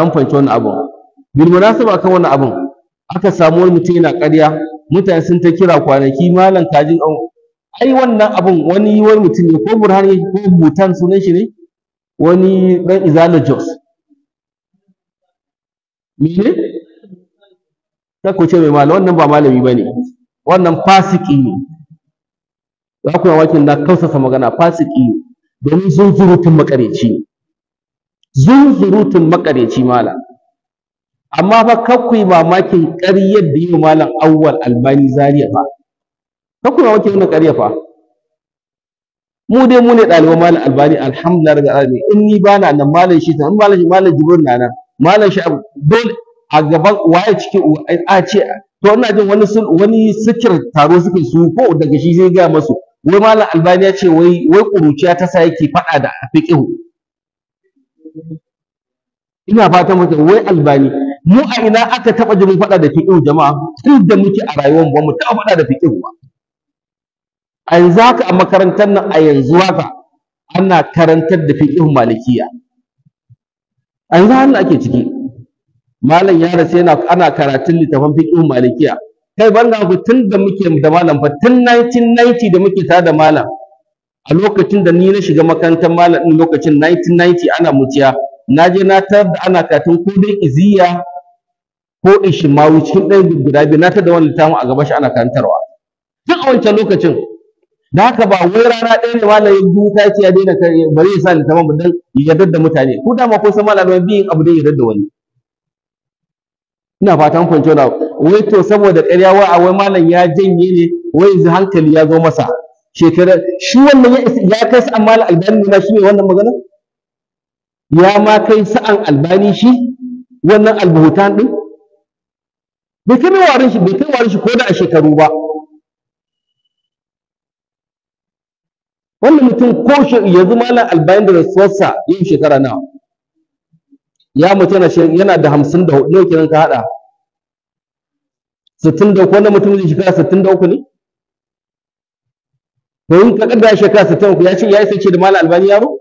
an fahimci wannan abun bil munasaba akan wannan abun aka samu wani mutum yana ƙarya mutane sun ta kira kwanaki malam kajin an oh, ai wannan abun wani wani mutum ne ko burhan ko butan sunan shi ne wani dan izala jos mene ta ko ce mai malam wannan ba malami bane wannan fasiki ne za ku yi wakin na kausasa magana fasiki ne domin sun surutun makareci ne zunzurutun makareci malam amma fa kakwai mamakin ƙaryar da yi malam awwal albani zariya fa kakwai mamakin wannan ƙarya fa mu dai mu ne ɗaliban malam albani alhamdulillah daga ɗalibi in ni ba na nan malam shi ta in malam shi malam jibrin na nan malam shi dole a gaban waye cikin a ce to ina jin wani wani sikir taro suke su ko daga shi zai gaya masu wai malam albani ya ce wai wai ƙuruciya ta sa yake faɗa da fiqihu ina fata muke wai albani mu a ina aka taba jin faɗa da fiqh jama'a tun da muke a rayuwar ba mu taba faɗa da fiqh ba a yanzu haka a makarantar nan a yanzu haka ana karantar da fiqh malikiya a yanzu haka ake ciki malam ya rasu yana ana karatun littafin fiqh malikiya kai ban ku tun da muke da malam fa tun 1990 da muke tare da malam a lokacin da ni na shiga makarantar malam din lokacin 1990 ana muciya na je na tar da ana katun ko dai iziya ko ishmawi cikin ɗan guda biyu na tar da wani littafin a gaba shi ana karantarwa duk a wancan lokacin da haka ba wai rana ɗaya ne malam ya duka ce ya daina bari zai sa littafin mu dan ya da mutane ko da ma ko san malam biyin abu da yarda da wani ina fatan kwanci na. wai to saboda ƙarya wai a wai malam ya janye ne wai yanzu hankali ya zo masa shekara shi wannan ya kai sa'an mal albani na shi ne wannan magana ya ma kai sa'an albani shi wannan albuhutan din bai kai warin shi bai kai warin shi ko da a shekaru ba wannan mutum ko zama malam albani da rasuwarsa yin shekara nawa ya mutu yana da hamsin da hudu nawa kenan ka haɗa sittin da uku wannan mutum zai shiga sittin da uku ne to in ka kaddara shekara sittin ku ya ce ya yi ce da malam albani yaro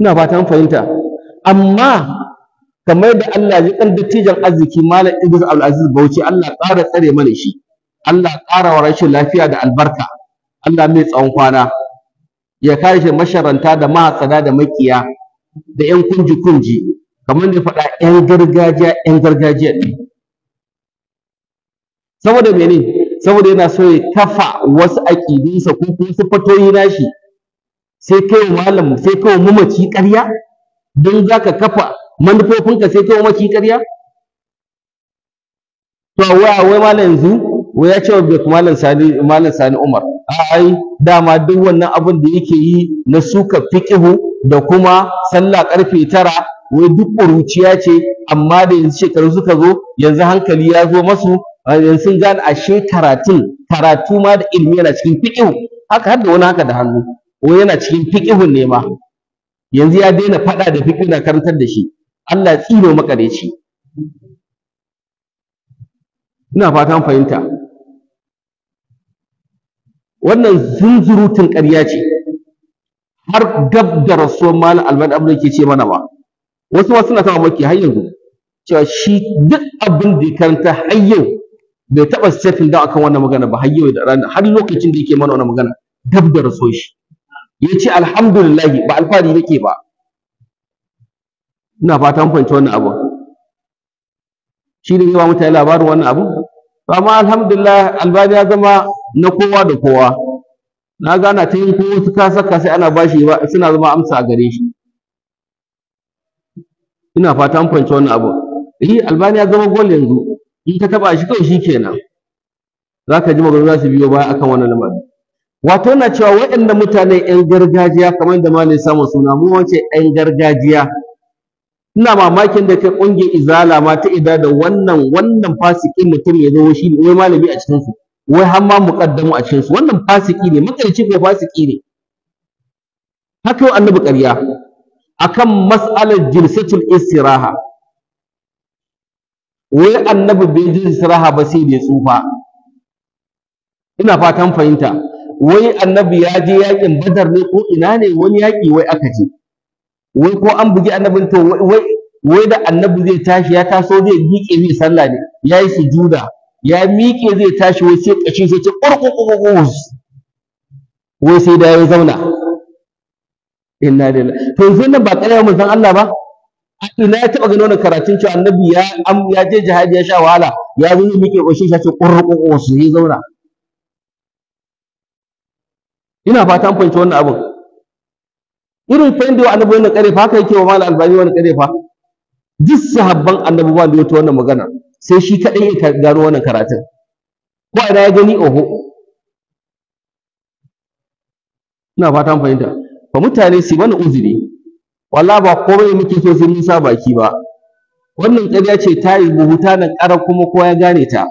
ina fatan fahimta amma kamar da Allah ya kan dattijan arziki malam Idris Abdul Aziz Bauchi Allah ƙara tsare mana shi Allah ƙara wa rashin lafiya da albarka Allah mai tsawon kwana ya kare shi masharanta da mahasada da makiya da ƴan kunji kunji kamar da faɗa ƴan gargajiya ƴan gargajiya saboda mene saboda yana so ya kafa wasu aƙidinsa ko kuma sifatoyi nashi sai kai malam sai kai mamaci ƙarya don za ka kafa manufofinka sai kai mamaci ƙarya to wai wai malam yanzu wai ya ce wa bai malam sani malam sani umar ai dama duk wannan abin da yake yi na suka fiqihu da kuma sallah karfe tara wai duk ƙuruciya ce amma da yanzu shekaru suka zo yanzu hankali ya zo masu sun gane ashe karatun karatu ma da ilimi yana cikin fiqhu haka har da wani haka da hannu wani yana cikin fiqhun ne ma yanzu ya daina faɗa da fiqhu na karantar da shi Allah ya tsino makareci ina fatan fahimta wannan zunzurutun ƙarya ce har gab da rasuwar malam albani abin da ke ce mana ba wasu ma suna sa mamaki har yanzu cewa shi duk abin da ya karanta har yau bai taɓa settle down akan wannan magana ba har yau da rana har lokacin da yake mana wannan magana dab da raso shi ya ce ba alfahari nake ba ina fatan fahimci wannan abu shi ne yawa mutane labarin wannan abu amma alhamdulillah albani ya zama na kowa da kowa na gana ta yin kowa su ka saka sai ana bashi ba suna zama amsa a gare shi ina fatan fahimci wannan abu eh albani ya zama gol yanzu in ta taba shi kawai shikenan za ka ji magana za su biyo baya akan wannan lamari wato na cewa waɗanda mutane 'yan gargajiya kamar da malai samun suna mu wace 'yan gargajiya ina mamakin da kai ƙungiyar izala ma ta ida da wannan wannan fasiki mutum ya zo shi ne wai malami a cikinsu wai har ma muqaddamu a cikinsu wannan fasiki ne makarci ko fasiki ne haka yau annabi ƙarya akan mas'alar jilsatul istiraha wai annabi bai ji siraha ba sai bai tsufa ina fatan fahimta wai annabi ya je yakin badar ne ko ina ne wani yaki wai aka ce wai ko an bugi annabin to wai wai da annabi zai tashi ya taso zai miƙe mai sallah ne ya yi sujuda ya miƙe zai tashi wai sai ƙashi sai ce ƙurƙuƙuƙuƙus wai sai da ya zauna inna lillahi to sai nan ba ƙarya mun san Allah ba ina ya taɓa ganin wannan karatun cewa annabi ya am ya je jihadi ya sha wahala ya zo zai miƙe ƙoshin shi ce ƙurƙuƙu su yi zauna ina fata an fahimci wannan abin irin fahimta wa annabi wannan fa haka yake wa malam albani wannan fa? duk sahabban annabi ba da wata wannan magana sai shi kaɗai ya gano wannan karatun ko ina ya gani oho ina fata an fahimta fa mutane su mana uzuri wala ba komai muke so sun yi sa baki ba wannan ƙarya ce ta yi buhu ta ƙara kuma kowa ya gane ta